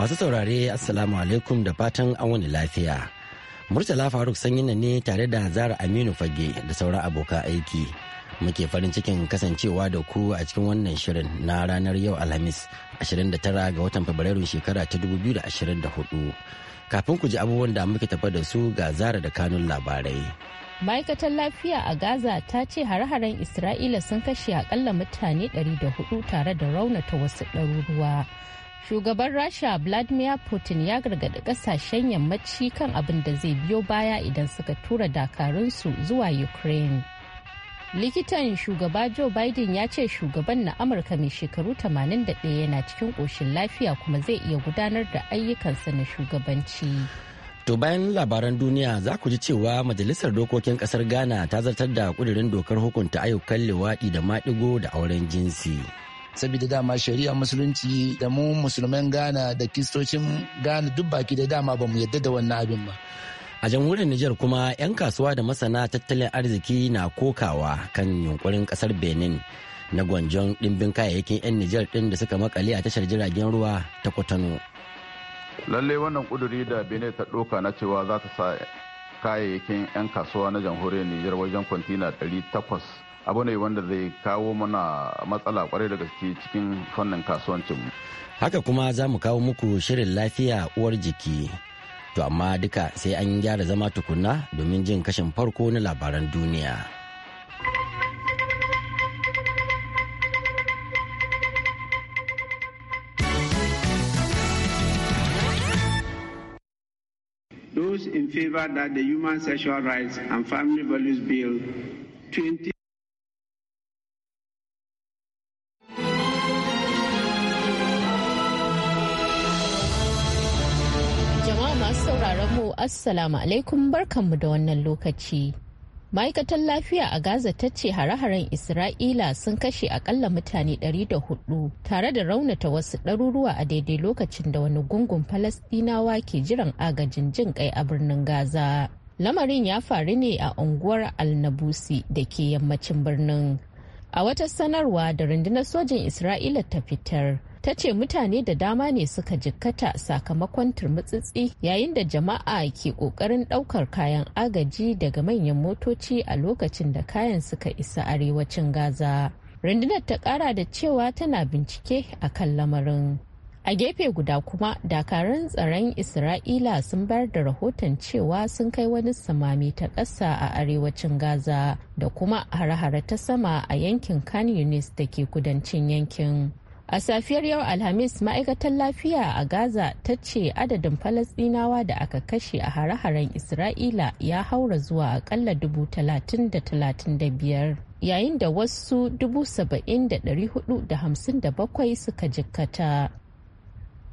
Masu saurare Assalamu alaikum da fatan an wani lafiya. Murtala Faruk na ne tare da Zara Aminu Fage da sauran abokan aiki. Muke farin cikin kasancewa da ku a cikin wannan shirin na ranar yau Alhamis 29 ga watan Fabrairu shekara ta 2024. Kafin ku ji abubuwan da muke tafa da su ga Zara da kanun labarai. ma'aikatar lafiya a gaza ta ce hare-haren isra'ila sun kashe akalla mutane 400 tare da raunata wasu ɗaruruwa shugaban rasha vladimir putin ya gargaɗi ƙasashen yammaci kan abin da zai biyo baya idan suka tura dakarunsu zuwa ukraine likitan shugaba joe biden ya ce shugaban na amurka mai shekaru 81 yana cikin ƙoshin lafiya kuma zai iya gudanar da ayyukansa na shugabanci To bayan labaran duniya za ku ji cewa Majalisar Dokokin Kasar Ghana ta zartar da kudirin dokar hukunta ayyukan lewaɗi da maɗigo da auren jinsi. saboda dama shari'a musulunci da mu musulman ghana da kistocin ghana duk baki da dama ba mu yadda da wannan abin ba a jamhuriyar Nijar kuma 'yan kasuwa da masana tattalin arziki na kokawa kan yunkurin kasar benin na gwanjon ɗimbin kayayyakin 'yan Nijar ɗin da suka makale a tashar jiragen ruwa ta Kwatano. Lalle wannan kuduri da Benin ta ɗauka na cewa za ta sa kayayyakin 'yan kasuwa na jamhuriyar Nijar wajen kwantina 800 abu ne wanda zai kawo mana matsala kwarai da gaske cikin fannin kasuwancinmu. Haka kuma za mu kawo muku shirin lafiya uwar jiki. To amma duka sai an gyara zama tukunna domin jin kashin farko na labaran duniya. Those in favor that the Human Sexual Rights and Family Values Bill 20 assalamu alaikum barkanmu da wannan lokaci. Ma'aikatar lafiya a Gaza ta ce hare-haren Isra'ila sun kashe akalla mutane 104 tare da raunata wasu ɗaruruwa a daidai lokacin da wani gungun Falasɗinawa ke jiran agajin jin ƙai a birnin Gaza. Lamarin ya faru ne a unguwar al-Nabusi, da ke yammacin birnin. A wata sanarwa da rundunar sojin Isra'ila ta fitar, ta ce mutane da dama ne suka jikkata sakamakon turmutsitsi yayin da jama'a ke kokarin daukar kayan agaji daga manyan motoci a lokacin da kayan suka isa arewacin gaza rundunar ta kara da cewa tana bincike a kan lamarin a gefe guda kuma dakarun tsaron isra'ila sun bayar da rahoton cewa sun kai wani samami ta ƙasa a arewacin gaza da kuma hare-hare ta sama a yankin kan yunis da ke kudancin yankin A safiyar yau Alhamis ma'aikatar lafiya a Gaza ta ce adadin Falasɗinawa da aka kashe a hare-haren Isra'ila ya haura zuwa aƙalla dubu talatin da talatin da biyar. Yayin da wasu dubu saba'in da ɗari hudu da hamsin da bakwai suka jikkata.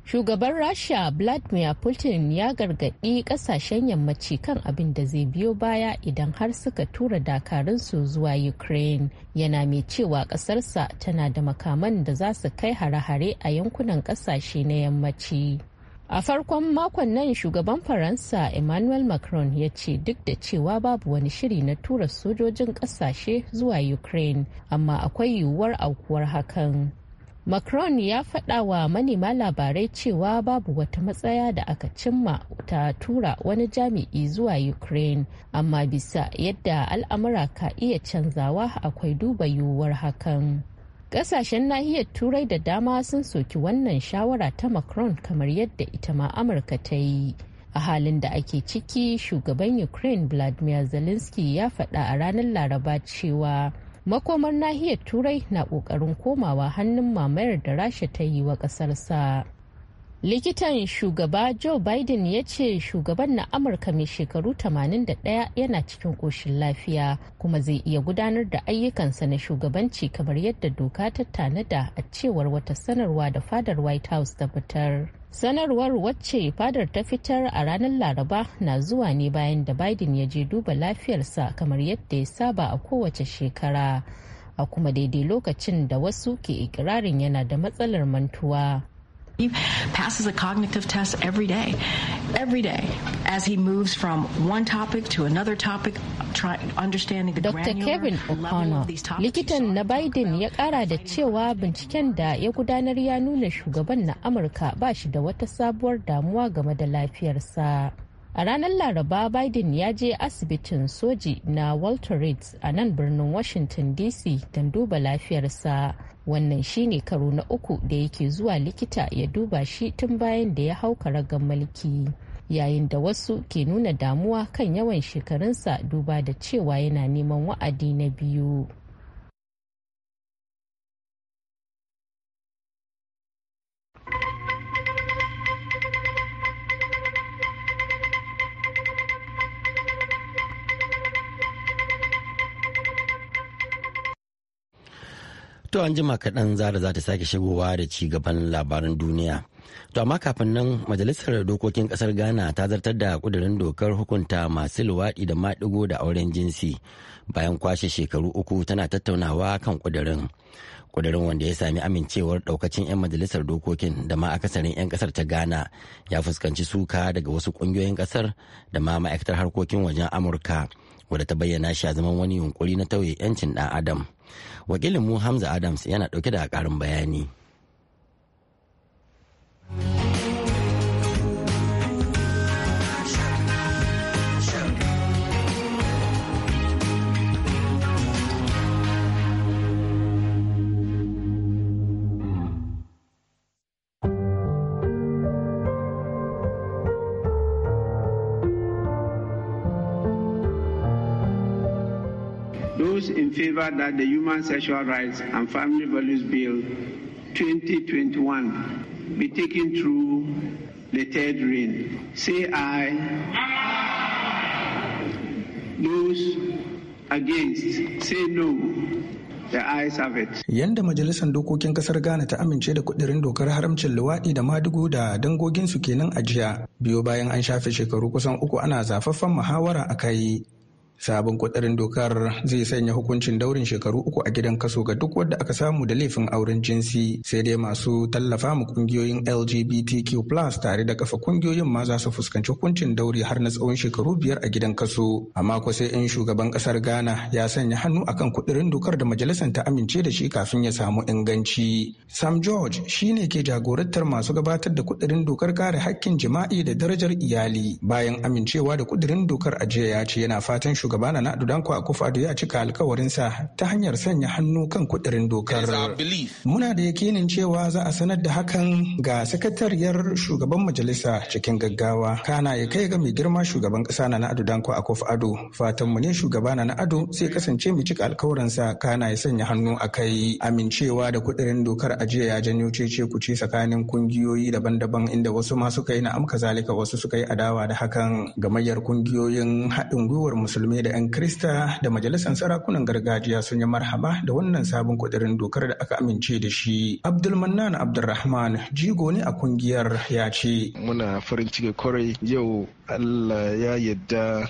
shugaban rasha vladimir putin ya gargaɗi ƙasashen yammaci kan abin da zai biyo baya idan har suka tura dakarunsu zuwa ukraine yana mai cewa ƙasarsa tana da makaman da za su kai hare-hare a yankunan ƙasashe na yammaci a farkon makon nan shugaban faransa emmanuel macron ya ce duk da cewa babu wani shiri na tura sojojin ƙasashe zuwa ukraine amma akwai yiwuwar aukuwar hakan macron ya faɗa wa manema labarai cewa babu wata matsaya da aka cimma ta tura wani jami'i zuwa ukraine amma bisa yadda al'amura ka iya canzawa akwai duba yiwuwar hakan Ƙasashen nahiyar Turai da dama sun soki wannan shawara ta Macron kamar yadda ita ma Amurka ta yi. A halin da ake ciki, shugaban Ukraine Vladimir Zelensky ya faɗa a ranar Laraba cewa makomar nahiyar turai na kokarin komawa hannun mamayar da rasha ta yi wa kasarsa likitan shugaba joe biden ya ce shugaban na amurka mai shekaru 81 yana cikin koshin lafiya kuma zai iya gudanar da ayyukansa na shugabanci kamar yadda doka ta tanada a cewar wata sanarwa da fadar white house ta fitar sanarwar wacce fadar ta fitar a ranar laraba na zuwa ne bayan da biden ya je duba lafiyarsa kamar yadda ya saba a kowace shekara a kuma daidai lokacin da wasu ke ikirarin yana da matsalar mantuwa He passes a cognitive test every day, every day, as he moves from one topic to another topic, try, understanding the Dr. Kevin O'Connor, likitan na Biden ya kara da cewa binciken da ya gudanar ya nuna shugaban na Amurka ba shi da wata sabuwar damuwa game da lafiyarsa. a ranar laraba biden ya je asibitin soji na walter reed a nan birnin washington dc don duba lafiyarsa wannan shine karo na uku da yake zuwa likita ya duba shi tun bayan da ya hau karagar mulki yayin da wasu ke nuna damuwa kan yawan shekarunsa duba da cewa yana neman wa'adi na biyu To an jima kaɗan zara za ta sake shigowa da ci gaban labaran duniya. To amma kafin nan majalisar dokokin ƙasar Ghana ta zartar da ƙudurin dokar hukunta masu luwaɗi da maɗigo da auren jinsi bayan kwashe shekaru uku tana tattaunawa kan ƙudurin ƙudurin wanda ya sami amincewar ɗaukacin 'yan majalisar dokokin da ma akasarin 'yan ƙasar ta Ghana ya fuskanci suka daga wasu ƙungiyoyin ƙasar da ma ma'aikatar harkokin wajen Amurka. wadda ta bayyana shi a zaman wani yunkuri na tauye 'yancin ɗan adam wakilin mu hamza adams yana ɗauke da ƙarin bayani. favor that the Human Sexual Rights and Family Values Bill 2021 be taken through the third reading. Say aye. aye. Those against, say no. Yanda Majalisar Dokokin Kasar Ghana ta amince da kudirin dokar haramcin luwaɗi da madugu da dangoginsu kenan a jiya, biyo bayan an shafe shekaru kusan uku ana zafaffen muhawara a kai. sabon kudirin dokar zai sanya hukuncin daurin shekaru uku a gidan kaso ga duk wanda aka samu da laifin auren jinsi sai dai masu tallafa mu kungiyoyin lgbtq tare da kafa kungiyoyin ma za su fuskanci hukuncin dauri har na tsawon shekaru biyar a gidan kaso amma ko sai in shugaban kasar ghana ya sanya hannu akan kudirin dokar da majalisar ta amince da shi kafin ya samu inganci sam george shine ke jagorantar masu gabatar da kudirin dokar kare hakkin jima'i da darajar iyali bayan amincewa da kudirin dokar a jiya ya ce yana fatan shugaban shugaba na nadu danko akufo ya cika sa ta hanyar sanya hannu kan kudirin dokar muna da yakinin cewa za a sanar da hakan ga sakatariyar shugaban majalisa cikin gaggawa kana ya kai ga mai girma shugaban kasa na nadu a akufo ado fatan mu ne shugaba na ado sai kasance mu cika alkawarinsa kana ya sanya hannu a kai amincewa da kudirin dokar ajiya ya janyo cece kuce tsakanin kungiyoyi daban-daban inda wasu ma suka yi amka zalika wasu suka yi adawa da hakan mayar kungiyoyin haɗin gwiwar musulmi ne da 'yan krista da majalisar sarakunan gargajiya sun yi marhaba da wannan sabon kudirin dokar da aka amince da shi abdulmanan abdulrahman jigo ne a kungiyar ya ce muna farin ciki kwarai yau allah ya yadda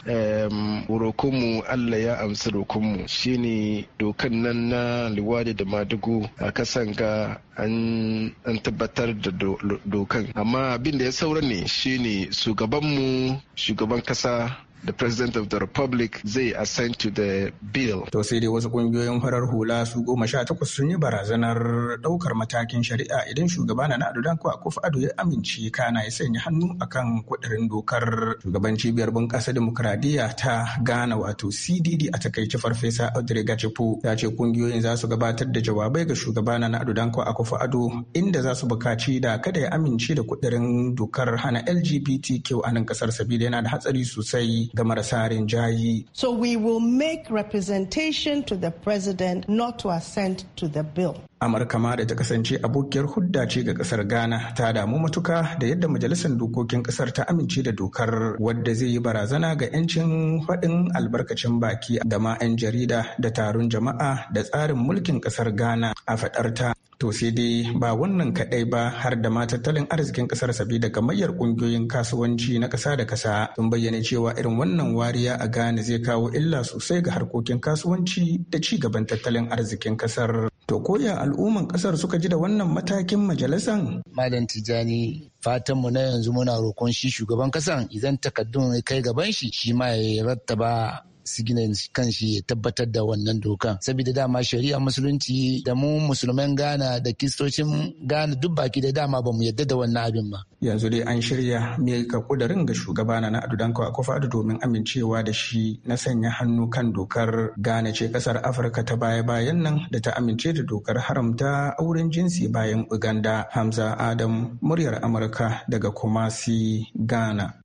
rokonmu allah ya amsa rokonmu shine dokan nan na liwadi da madugu a kasan ga an tabbatar da dokan amma abin da ya saura ne shine shugabanmu shugaban kasa the president of the republic zai assent to the bill. To sai dai wasu kungiyoyin farar hula su goma sha takwas sun yi barazanar daukar matakin shari'a idan shugaba na Ado Danko Akufo Ado ya amince kana ya sanya hannu akan kudirin dokar shugaban cibiyar bunƙasa demokradiyya ta gana wato CDD a takaice farfesa Audrey Gachipo ya ce kungiyoyin za su gabatar da jawabai ga shugaba na Ado Danko Akufo Ado inda za su bukaci da kada ya amince da kudirin dokar hana LGBTQ a nan kasar sabida yana da hatsari sosai So we will make representation to the president not to assent to the bill. amurka ma da ta kasance abokiyar hudda ce ga kasar ghana ta damu matuka da yadda majalisar dokokin kasar ta amince da dokar wadda zai yi barazana ga 'yancin faɗin albarkacin baki da ma 'yan jarida da taron jama'a da tsarin mulkin kasar ghana a faɗar ta to sai dai ba wannan kaɗai ba har da ma tattalin arzikin kasar sabida gamayyar ƙungiyoyin kasuwanci na ƙasa da ƙasa sun bayyana cewa irin wannan wariya a ghana zai kawo illa sosai ga harkokin kasuwanci da ci gaban tattalin arzikin kasar to koya al'umman kasar suka ji da wannan matakin majalisan? Malam Tijjani fatanmu na yanzu muna roƙon shi shugaban kasan idan takaddun kai gaban shi shi ma ya rattaba sigina kanshi ya tabbatar da wannan dokan saboda dama shari'a musulunci da mu musulman Ghana da kistocin Ghana duk baki da dama ba mu yadda da wannan abin ba yanzu dai an shirya ka kudarin ga shugaba na adudan Danko akufo domin amincewa da shi na sanya hannu kan dokar Ghana ce kasar Afirka ta baya-bayan nan da ta amince da dokar haramta auren jinsi bayan Uganda Hamza Adam muryar Amurka daga Kumasi Ghana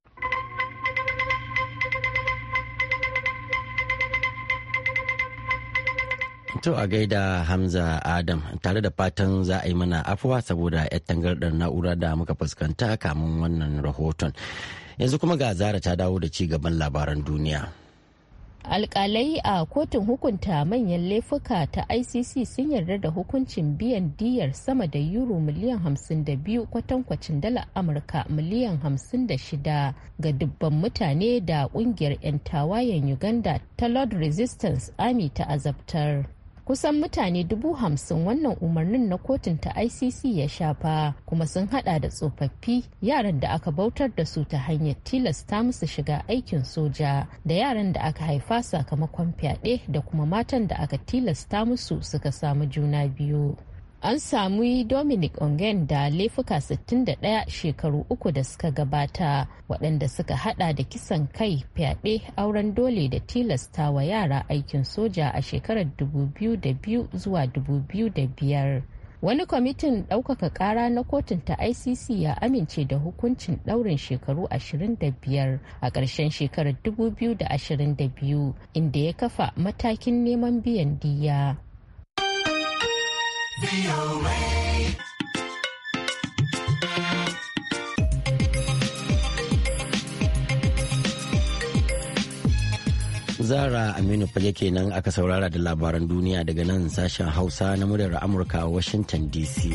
To a gaida Hamza Adam tare da fatan za a yi mana afuwa saboda 'yar tangardar na'ura da muka fuskanta kamun wannan rahoton. Yanzu kuma ga zara ta dawo da ci gaban labaran duniya. alkalai a kotun hukunta manyan laifuka ta icc sun yarda da hukuncin biyan diyar sama da euro miliyan 52 kwatankwacin dala amurka miliyan 56 ga dubban mutane da kungiyar 'yan tawayen uganda ta lord resistance army ta azabtar kusan mutane dubu hamsin wannan umarnin na kotun ta icc ya shafa kuma sun hada da tsofaffi yaran da aka bautar da su ta hanyar tilasta musu shiga aikin soja da yaran da aka haifa sakamakon fyaɗe da kuma matan da aka tilasta musu suka samu juna biyu an samu dominic ongen da laifuka 61 shekaru uku da suka gabata waɗanda suka hada da kisan kai fyaɗe auren dole da tilasta wa yara aikin soja a shekarar 2002 zuwa 2005 wani kwamitin ɗaukaka ƙara na kotun ta icc ya amince da hukuncin ɗaurin shekaru 25 a ƙarshen shekarar 2022 inda ya kafa matakin neman biyan diya Zara Aminu fage kenan aka saurara da labaran duniya daga nan sashen Hausa na muryar Amurka a Washington DC.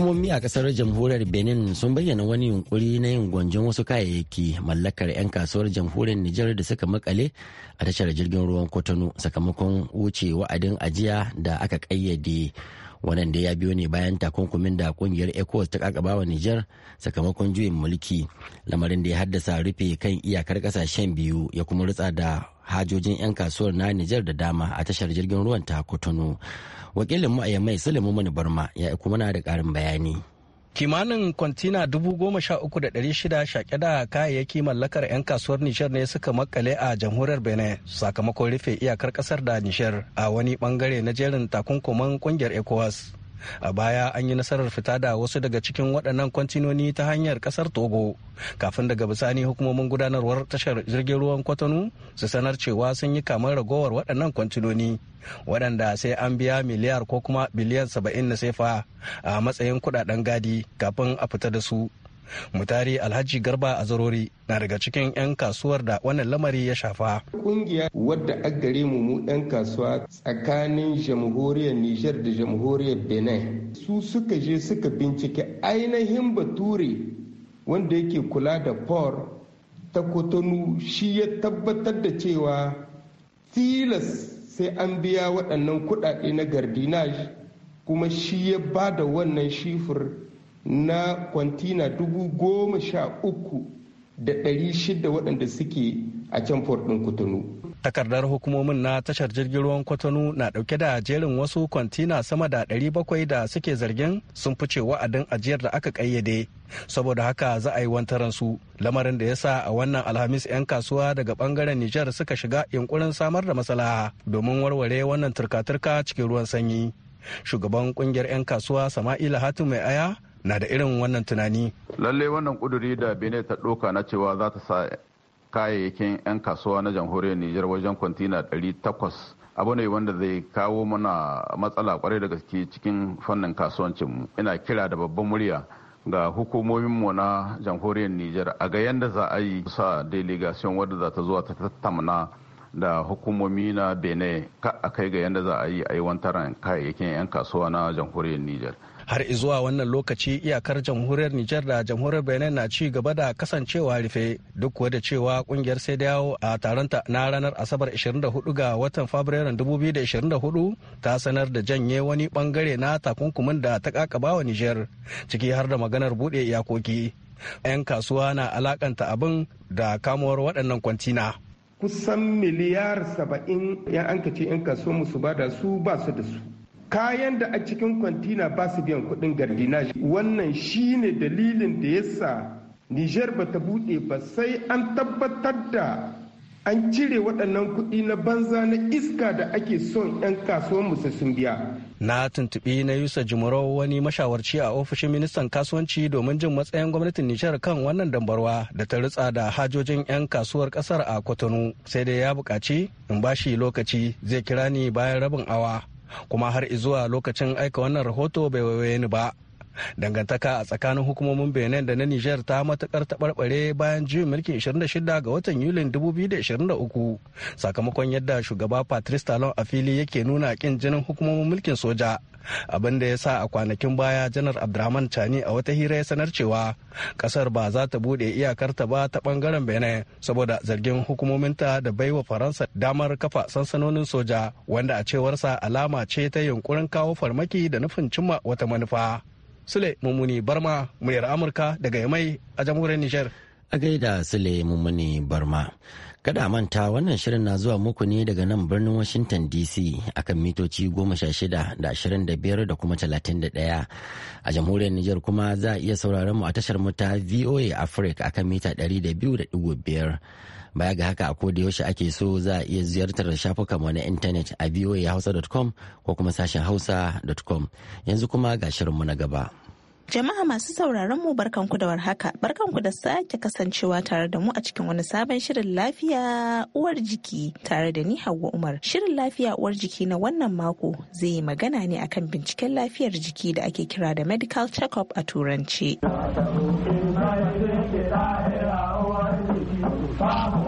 hukumomi a kasar jamhuriyar benin sun bayyana wani yunkuri na yin gwanjon wasu kayayyaki mallakar 'yan kasuwar jamhuriyar nijar da suka makale a tashar jirgin ruwan kotonu sakamakon wuce wa'adin ajiya da aka kayyade wannan da ya biyo ne bayan takunkumin da kungiyar ecowas ta kakaba wa nijar sakamakon juyin mulki lamarin da ya haddasa rufe kan iyakar kasashen biyu ya kuma rutsa da hajojin 'yan kasuwar na nijar da dama a tashar jirgin ruwan ta kotonu wakilin mu a yammai sulaimu mani barma ya kuma na da karin bayani kimanin kwantina shida shaƙe da kayayyaki mallakar 'yan kasuwar nishar ne suka makale a jamhuriyar benin sakamakon rufe iyakar ƙasar da nishar a wani bangare na jerin takunkuman kungiyar ecowas a baya an yi nasarar fita da wasu daga cikin waɗannan kwantinoni ta hanyar ƙasar togo kafin daga bisani hukumomin gudanarwar tashar jirgin ruwan kwatano su sanar cewa sun yi kamar ragowar waɗannan kwantinoni waɗanda sai an biya miliyar ko kuma biliyan saba'in na sefa a matsayin kuɗaɗen gadi kafin a fita da su mutari alhaji garba a zarori na daga cikin 'yan kasuwar da wannan lamari ya shafa kungiya wadda a gare mu mu 'yan kasuwa tsakanin jamhuriyar niger da jamhuriyar benin su suka je suka bincike ainihin bature wanda yake kula da por ta kotonu shi ya tabbatar da cewa tilas sai an biya waɗannan kuɗaɗe na gardinaj kuma shi ya ba da wannan shifir na kwantina dubu goma sha uku da ɗari shida waɗanda suke a can fort ɗin kutunu. takardar hukumomin na tashar jirgin ruwan kwatano na dauke da jerin wasu kwantina sama da 700 da suke zargin sun fice wa'adin ajiyar da aka kayyade saboda haka za a yi wantaran su lamarin da ya sa a wannan alhamis 'yan kasuwa daga bangaren nijar suka shiga yunkurin samar da maslaha domin warware wannan turka-turka cikin ruwan sanyi shugaban kungiyar 'yan kasuwa sama'ila hatu mai aya na da irin wannan tunani. Lalle wannan kuduri da Benin ta ɗauka na cewa za ta sa kayayyakin 'yan kasuwa na jamhuriyar Nijar wajen kwantina 800 abu ne wanda zai kawo mana matsala kwarai da gaske cikin fannin kasuwancinmu. Ina kira da babban murya ga hukumominmu na jamhuriyar Nijar a ga yadda za a yi sa delegation wadda za ta zuwa ta tattamna da hukumomi na benin ka a kai ga yadda za a yi aiwantarar kayayyakin 'yan kasuwa na jamhuriyar niger har zuwa wannan lokaci iyakar jamhuriyar Nijar da jamhuriyar Benin na ci gaba da kasancewa rufe duk kuwa da cewa kungiyar sai yawo a taronta na ranar Asabar 24 ga watan Fabrairun 2024 ta sanar da janye wani bangare na takunkumin da ta kakabawa Nijar ciki har da maganar bude iyakoki. 'Yan kasuwa na alakanta abin da kamuwar waɗannan kwantina. kusan miliyar saba'in yan an ce yan kasuwan su ba da su ba su da su kayan da a cikin kwantina ba su biyan kudin gardinaji wannan shine dalilin da yasa niger ba ta buɗe ba sai an tabbatar da an cire waɗannan kuɗi na banza na iska da ake son 'yan kasuwan su sun biya na tuntubi na yusa jimuro wani mashawarci a ofishin ministan kasuwanci domin jin matsayin gwamnatin nijar kan wannan dambarwa da ta ritsa da hajojin 'yan kasuwar kasar a kwatano sai dai ya bukaci in ba shi lokaci zai kira ni bayan rabin awa kuma har izuwa lokacin aika wannan rahoto bai waiwaye ni ba dangantaka a tsakanin hukumomin benin da na niger ta matukar taɓarɓare bayan juyin mulki 26 ga watan yulin 2023 sakamakon yadda shugaba patrice talon a fili yake nuna kin jinin hukumomin mulkin soja abin da ya sa a kwanakin baya janar abdurrahman chani a wata hira ya sanar cewa kasar ba za ta bude iyakarta ba ta bangaren benin saboda zargin hukumominta da baiwa faransa damar kafa sansanonin soja wanda a cewarsa alama ce ta yunkurin kawo farmaki da nufin cimma wata manufa Sule Mummuni Barma muryar Amurka daga Yamai a jamhuriyar Nijar. A gaida Sule Mummuni Barma. Kada manta wannan shirin na zuwa muku ne daga nan birnin Washington DC akan mitoci shida da ashirin da kuma 31. A jamhuriyar Nijar kuma za a iya sauraron mu a tashar mu ta VOA Africa akan mita 200.5. baya ga haka a da yaushe ake so za a iya ziyartar da shafukanmu na intanet a voahausa.com ko kuma sashen hausa.com yanzu kuma ga shirinmu na gaba Jama'a masu sauraron mu barkanku da warhaka, barkanku da sake kasancewa tare da mu a cikin wani sabon shirin lafiya uwar jiki tare da ni Hauwa Umar. Shirin lafiya uwar jiki na wannan mako zai yi magana ne akan binciken lafiyar jiki da ake kira da medical check-up a turanci. Father.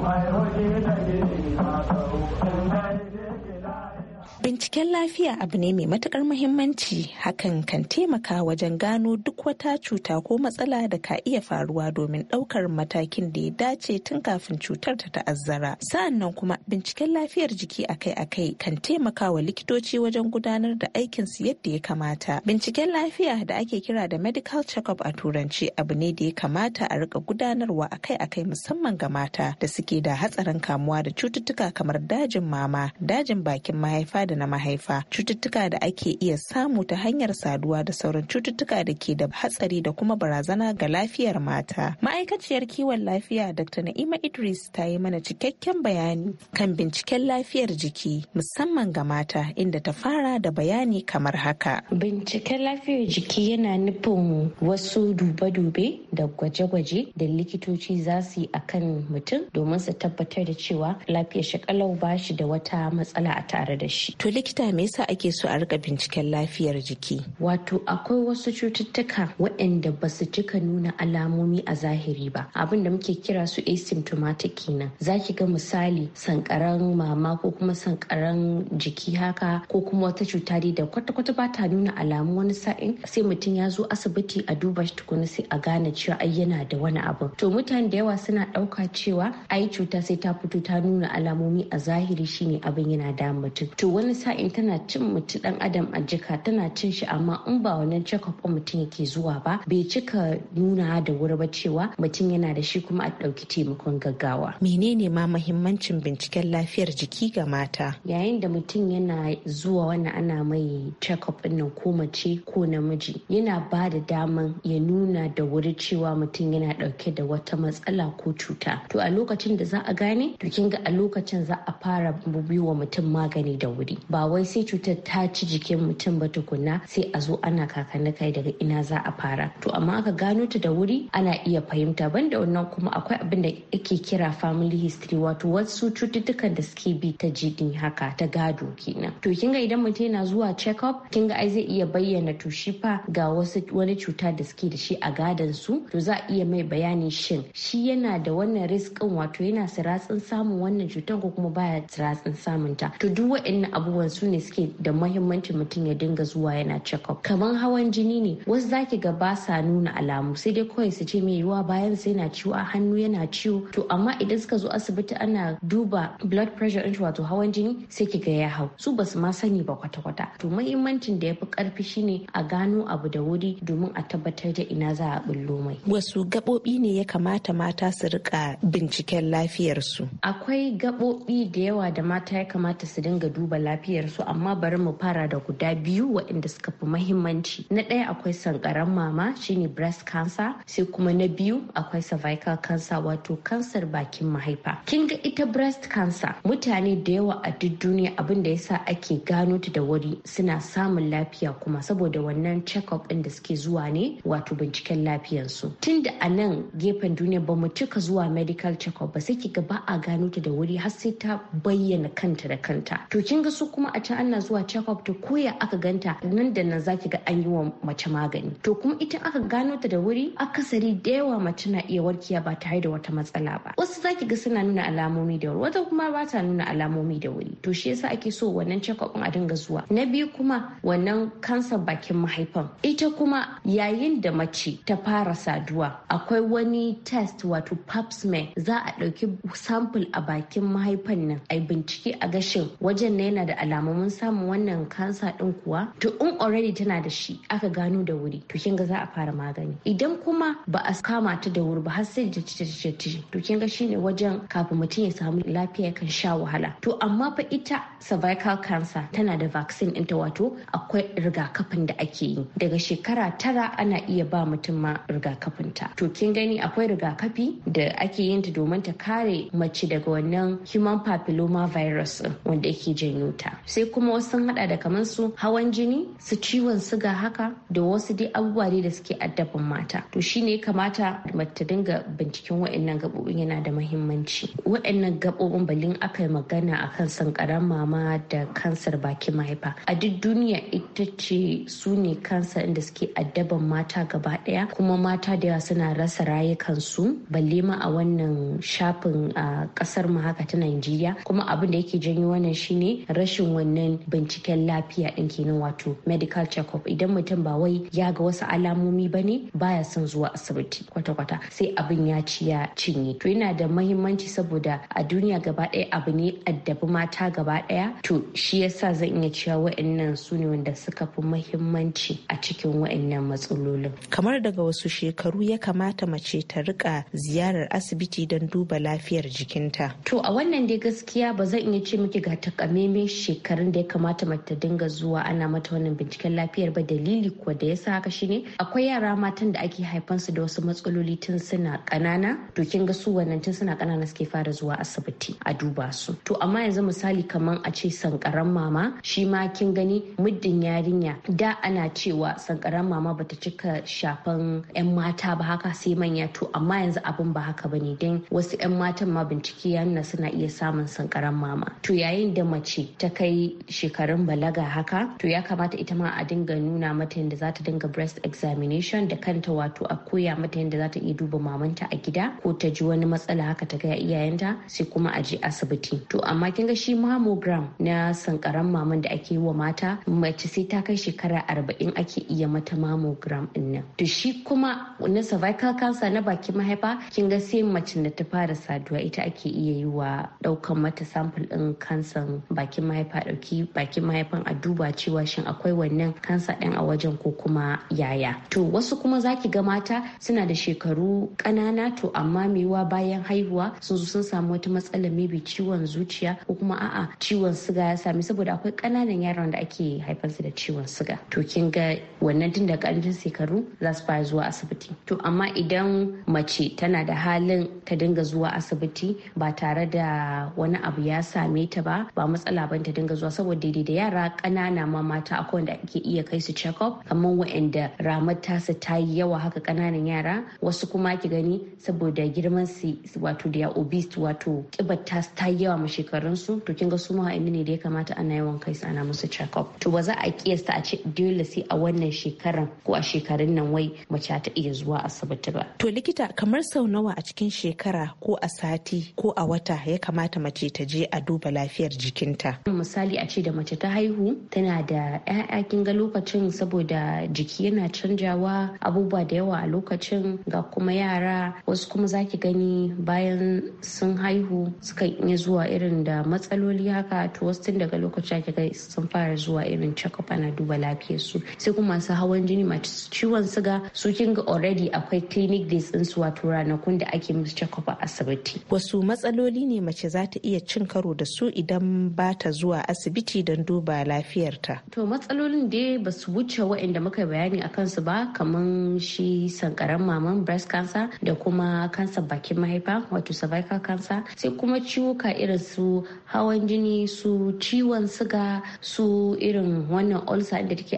Binciken lafiya abu ne mai matukar muhimmanci hakan kan taimaka wajen gano duk wata cuta ko matsala da ka iya faruwa domin ɗaukar matakin da ya dace tun kafin cutar ta ta'azzara. Sa'annan kuma binciken lafiyar jiki akai-akai kan taimaka wa likitoci wajen gudanar da aikinsu yadda ya kamata. Binciken lafiya da ake kira da medical check-up a turanci abu ne da ya kamata a rika gudanarwa akai-akai musamman ga mata da suke da hatsarin kamuwa da cututtuka kamar dajin mama, dajin bakin mahaifa da da na mahaifa cututtuka da ake iya samu ta hanyar saduwa da sauran cututtuka da ke da hatsari da kuma barazana ga lafiyar mata ma'aikaciyar kiwon lafiya dr na'ima idris ta yi mana cikakken bayani kan binciken lafiyar jiki musamman ga mata inda ta fara da bayani kamar haka binciken lafiyar jiki yana nufin wasu dube-dube da gwaje-gwaje da likitoci za su yi a kan mutum domin su tabbatar da cewa lafiyar shi ba shi da wata matsala a tare da shi To likita me yasa ake so a rika binciken lafiyar jiki? Wato akwai wasu cututtuka waɗanda ba su cika nuna alamomi a zahiri ba. Abin da muke kira su asymptomatic kenan. Za ki ga misali sankaran mama ko kuma sankaran jiki haka ko kuma wata cuta dai da kwata-kwata ba ta nuna alamu wani sa'in sai mutum ya zo asibiti a duba shi tukuna sai a gane cewa ai yana da wani abu. To mutane da yawa suna ɗauka cewa ai cuta sai ta fito ta nuna alamomi a zahiri shine abin yana da mutum. To wani wani sa'in tana cin mutum dan adam a jika tana cin shi amma in ba wannan check up mutum yake zuwa ba bai cika nuna da wuri ba cewa mutum yana da shi kuma a ɗauki taimakon gaggawa. Menene ma mahimmancin binciken lafiyar jiki ga mata? Yayin da mutum yana zuwa wani ana mai check up ko mace ko namiji yana ba da daman ya nuna da wuri cewa mutum yana ɗauke da wata matsala ko cuta. To a lokacin da za a gane to kin a lokacin za a fara wa mutum magani da wuri. ba wai sai cutar ta ci jikin mutum ba tukunna sai a zo ana kakanni kai daga ina za a fara to amma aka gano ta da wuri ana iya fahimta banda wannan kuma akwai abin da ake kira family history wato wasu cututtukan da suke bi ta jini haka ta gado kenan to kinga idan mutum yana zuwa check up kinga ai zai iya bayyana to shi fa ga wasu wani cuta da suke da shi a gadon su to za a iya mai bayani shin shi yana da wannan riskin wato yana siratsin samun wannan cutar ko kuma baya siratsin samun ta to duk waɗannan abu abubuwan su ne suke da mahimmanci mutum ya dinga zuwa yana check up kamar hawan jini ne wasu zaki ga ba sa nuna alamu sai dai kawai su ce mai yiwuwa bayan sai na ciwo a hannu yana ciwo to amma idan suka zo asibiti ana duba blood pressure din wato hawan jini sai ki ga ya hau su basu ma sani ba kwata-kwata to mahimmancin da ya fi karfi shine a gano abu da wuri domin a tabbatar da ina za a bullo mai wasu gaɓoɓi ne ya kamata mata su rika binciken lafiyarsu akwai gaɓoɓi da yawa da mata ya kamata su dinga duba lafiya lafiyarsu amma bari mu fara da guda biyu waɗanda suka fi mahimmanci na ɗaya akwai sankaran mama shine breast cancer sai kuma na biyu akwai cervical cancer wato kansar bakin mahaifa kin ga ita breast cancer mutane da yawa a duk duniya abin da yasa ake gano ta da wuri suna samun lafiya kuma saboda wannan check-up ɗin da suke zuwa ne wato binciken lafiyarsu tun da a nan gefen duniya ba mu cika zuwa medical check-up ba sai ki ga ba a gano ta da wuri har sai ta bayyana kanta da kanta to kin ga su kuma a can ana zuwa check up to koya aka ganta nan da nan zaki ga an yi wa mace magani to kuma ita aka gano ta da wuri akasari da yawa mace na iya warkiya ba tare da wata matsala ba wasu zaki ga suna nuna alamomi da wuri wata kuma ba ta nuna alamomi da wuri to shi yasa ake so wannan check up a dinga zuwa na biyu kuma wannan kansar bakin mahaifan ita kuma yayin da mace ta fara saduwa akwai wani test wato pap smear za a ɗauki sample a bakin mahaifan nan a bincike a gashin wajen na yana da alamu samun wannan kansa din kuwa to in already tana da shi aka gano da wuri to kin ga za a fara magani idan kuma ba a kama ta da wuri ba har sai ta ci ci to kin ga shine wajen kafin mutum ya samu lafiya kan sha wahala to amma fa ita cervical cancer tana da vaccine ɗinta wato akwai rigakafin da ake yi daga shekara tara ana iya ba mutum ma rigakafin ta to kin gani akwai rigakafi da ake yin ta domin ta kare mace daga wannan human papilloma virus wanda yake janyo ta. sai kuma wasu sun hada da kamar su hawan jini su ciwon suga haka da wasu dai abubuwa da suke addabin mata to shine kamata mata dinga binciken wa'annan gabobin yana da mahimmanci wa'annan gabobin balin aka yi magana akan sankaran mama da kansar bakin mahaifa a duk duniya ita ce su ne kansa inda suke addaban mata gaba daya kuma mata da yawa suna rasa rayukansu balle ma a wannan shafin a kasar mu haka ta Najeriya kuma abin da yake janyo wannan shine rashin rashin wannan binciken lafiya ɗin kenan wato medical check-up idan mutum ba wai ya ga wasu alamomi ba ne baya son zuwa asibiti kwata-kwata sai abin ya ci ya cinye to yana da mahimmanci saboda a duniya gaba ɗaya abu ne addabi mata gaba ɗaya to shi yasa zan iya cewa wa'annan su ne wanda suka fi mahimmanci a cikin wa'annan matsalolin kamar daga wasu shekaru ya kamata mace ta rika ziyarar asibiti don duba lafiyar jikinta to a wannan dai gaskiya ba zan iya ce miki ga takamaiman shekarun da ya kamata ta dinga zuwa ana mata wannan binciken lafiyar ba dalili kuwa da yasa haka shine akwai yara matan da ake haifansu da wasu matsaloli tun suna kanana to kin ga su wannan tun suna kanana suke fara zuwa asibiti a duba su to amma yanzu misali kamar a ce sankaran mama shi ma kin gani muddin yarinya da ana cewa sankaran mama bata cika shafan 'yan mata ba haka sai manya to amma yanzu abin ba haka bane don wasu 'yan matan ma bincike ya nuna suna iya samun sankaran mama to yayin da mace ta kai shekarun balaga haka to ya kamata ita ma a dinga nuna mata yadda za ta dinga breast examination da kanta wato a koya mata yadda za ta iya duba mamanta a gida ko ta ji wani matsala haka ta gaya iyayenta sai kuma a je asibiti to amma kin ga shi mammogram na sankaran maman da ake yi wa mata mace sai ta kai shekara arba'in ake iya mata mammogram din nan to shi kuma na cervical cancer na bakin mahaifa kin ga sai mace da ta fara saduwa ita ake iya yi wa daukan mata sample din kansan bakin mahaifa mahaifa ɗauki bakin mahaifan a duba cewa shin akwai wannan kansa ɗin a wajen ko kuma yaya to wasu kuma zaki ga mata suna da shekaru ƙanana to amma mewa bayan haihuwa sun zo sun samu wata matsala maybe ciwon zuciya ko kuma a'a ciwon suga ya sami saboda akwai ƙananan yaron da ake haifansu da ciwon suga to kin ga wannan tun da ƙarancin shekaru za su fara zuwa asibiti to amma idan mace tana da halin ta dinga zuwa asibiti ba tare da wani abu ya same ta ba ba matsala ba ta ta dinga zuwa saboda daidai da yara ƙanana ma mata akwai wanda ake iya kai su check up kamar wa'anda ramar tasa ta yi yawa haka kananan yara wasu kuma ki gani saboda girman su wato da ya obese wato kibar ta ta yi yawa ma shekarun su to kin ga su ma ne da ya kamata ana yawan kai su ana musu check up to ba za a kiyasta a ce dole sai a wannan shekaran ko a shekarun nan wai mace ta iya zuwa asibiti ba to likita kamar sau nawa a cikin shekara ko a sati ko a wata ya kamata mace ta je a duba lafiyar jikinta misali a ce da mace ta haihu tana da 'ya'ya kin ga lokacin saboda jiki yana canjawa abubuwa da yawa a lokacin ga kuma yara wasu kuma zaki gani bayan sun haihu suka iya zuwa irin da matsaloli haka to wasu tun daga lokacin ake ga sun fara zuwa irin check-up ana duba lafiyarsu sai kuma masu hawan jini masu ciwon siga su kin ga already akwai clinic days din su wato ranakun da ake musu check-up a asibiti wasu matsaloli ne mace za ta iya cin karo da su idan ba ta zuwa zuwa asibiti don duba lafiyarta. To matsalolin dai ba su wuce waɗanda muka bayani a kansu ba kamar shi sankaran maman breast cancer da kuma kansar bakin mahaifa wato cervical cancer sai kuma ciwuka irin su hawan jini su ciwon suga su irin wannan ulcer da take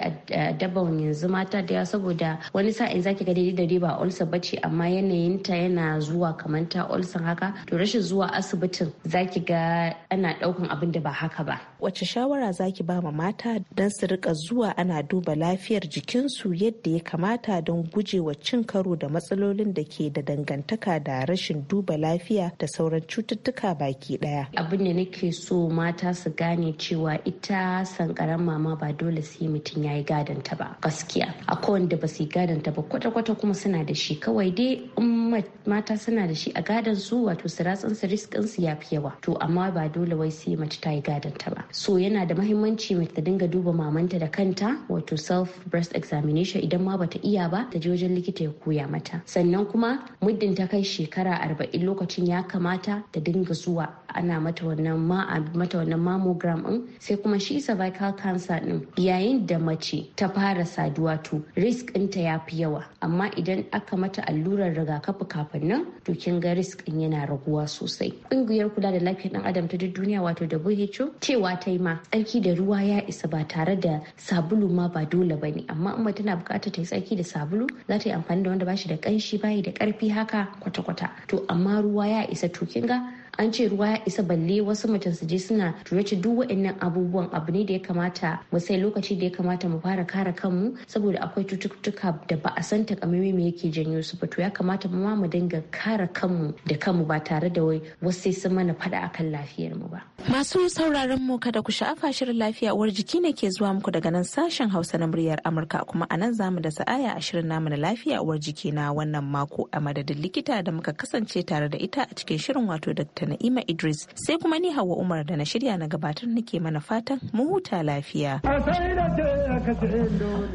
dabban yanzu mata da saboda wani sa'in zaki ga daidai da ba ulcer bace amma yanayinta yana zuwa kamar ta ulcer haka to rashin zuwa asibitin zaki ga ana daukan abin da ba haka ba nada. wace shawara zaki ba ma mata don su rika zuwa ana duba lafiyar jikinsu yadda ya kamata don gujewa cin karo da matsalolin da ke da dangantaka da rashin duba lafiya da sauran cututtuka baki daya abin da nake so mata su gane cewa ita sankaran mama ba dole sai mutum ya yi gadonta ba gaskiya akwai wanda ba su yi gadonta ba kwata-kwata kuma suna da shi kawai dai in mata suna da shi a gadon su wato su ratsan su riskin su ya fi yawa to amma ba dole wai sai mace ta yi gadonta ba so yana da mahimmanci mai ta dinga duba mamanta da kanta wato self breast examination idan ma bata iya ba ta je wajen likita ya koya mata sannan kuma muddin ta kai shekara arba'in lokacin ya kamata ta dinga zuwa ana mata wannan ma mata wannan mammogram din sai kuma shi cervical cancer din yayin da mace ta fara saduwa to risk ɗinta ya fi yawa amma idan aka mata allurar rigakafi kafin nan to kin ga risk ɗin yana raguwa sosai ƙungiyar kula da lafiyar ɗan adam ta duniya wato WHO cewa fatai ma tsarki da ruwa ya isa ba tare da sabulu ma ba dole ba ne amma in tana bukatar ta yi tsarki da sabulu za ta yi amfani da wanda bashi da ƙanshi bayi da karfi haka kwata-kwata to amma ruwa ya isa to ga an ce ruwa ya isa balle wasu mutum su je suna turace duk waɗannan abubuwan abu ne da ya kamata mu sai lokaci da ya kamata mu fara kare kanmu saboda akwai cututtuka da ba a san takamaimai me yake janyo su ba to ya kamata mu ma mu dinga kare kanmu da kanmu ba tare da wai wasu sai sun mana faɗa akan lafiyar mu ba masu sauraron mu kada ku sha'afa shirin lafiya uwar jiki ne ke zuwa muku daga nan sashen Hausa na muryar Amurka kuma a nan za mu da sa'aya a shirin namu na lafiya uwar jiki na wannan mako a madadin likita da muka kasance tare da ita a cikin shirin wato Dr. Na'ima Idris sai kuma ni Hauwa Umar da na shirya na gabatar nake mana fatan mu huta lafiya.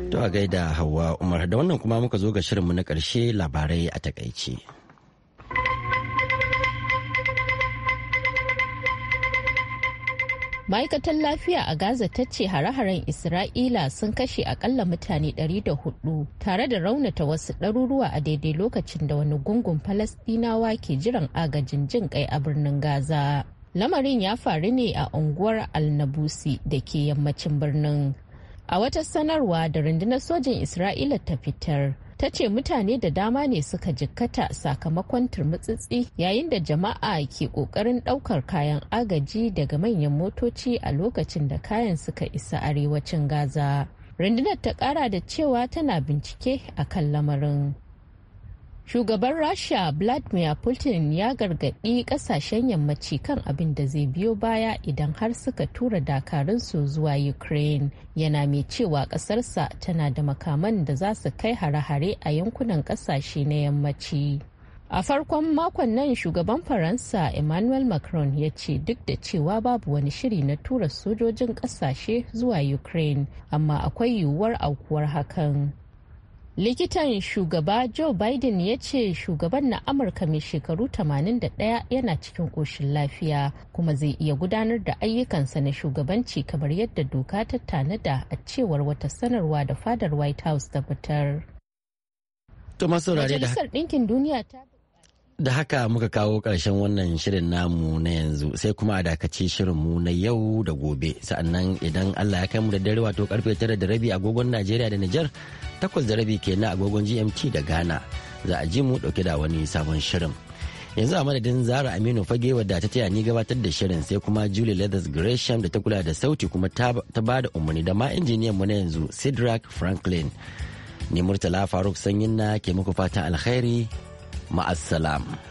To a gaida Hauwa Umar da wannan kuma muka zo ga shirinmu na karshe labarai a takaice. ma'aikatar lafiya a gaza ta ce hare-haren isra'ila sun kashe akalla mutane 104 tare da raunata wasu ɗaruruwa a daidai lokacin da wani gungun falastinawa ke jiran agajin jin kai a birnin gaza lamarin ya faru ne a unguwar alnabusi da ke yammacin birnin a wata sanarwa da rundunar sojin isra'ila ta fitar ta ce mutane da dama ne suka jikkata sakamakon turmutsitsi yayin da jama'a ke kokarin daukar kayan agaji daga manyan motoci a lokacin da kayan suka isa arewacin gaza rundunar ta kara da cewa tana bincike a kan lamarin shugaban rasha vladimir putin ya gargaɗi ƙasashen yammaci kan abin da zai biyo baya idan har suka tura dakarunsu zuwa ukraine yana mai cewa ƙasarsa tana da makaman da za su kai hare-hare a yankunan ƙasashe na yammaci a farkon makon nan shugaban faransa emmanuel macron ya ce duk da cewa babu wani shiri na tura sojojin ƙasashe zuwa ukraine amma akwai yiwuwar aukuwar hakan likitan shugaba joe biden ya ce shugaban na amurka mai shekaru 81 yana cikin koshin lafiya kuma zai iya gudanar da ayyukansa na shugabanci kamar yadda doka ta tanada a cewar wata sanarwa da fadar white house ta fitar majalisar ɗinkin duniya ta da haka muka kawo ƙarshen wannan shirin namu na yanzu sai kuma a dakace mu na yau da gobe sa'annan idan allah ya kai mu da dare wato karfe tara da rabi agogon najeriya da nijar takwas da rabi kenan agogon gmt da ghana za a ji mu dauke da wani sabon shirin yanzu a madadin zara aminu fage wadda ta taya ni gabatar da shirin sai kuma julie leathers gresham da ta kula da sauti kuma ta ba da umarni da ma injiniyan mu na yanzu sidrak franklin ni murtala faruk sanyin na ke muku fatan alkhairi ma'assalam.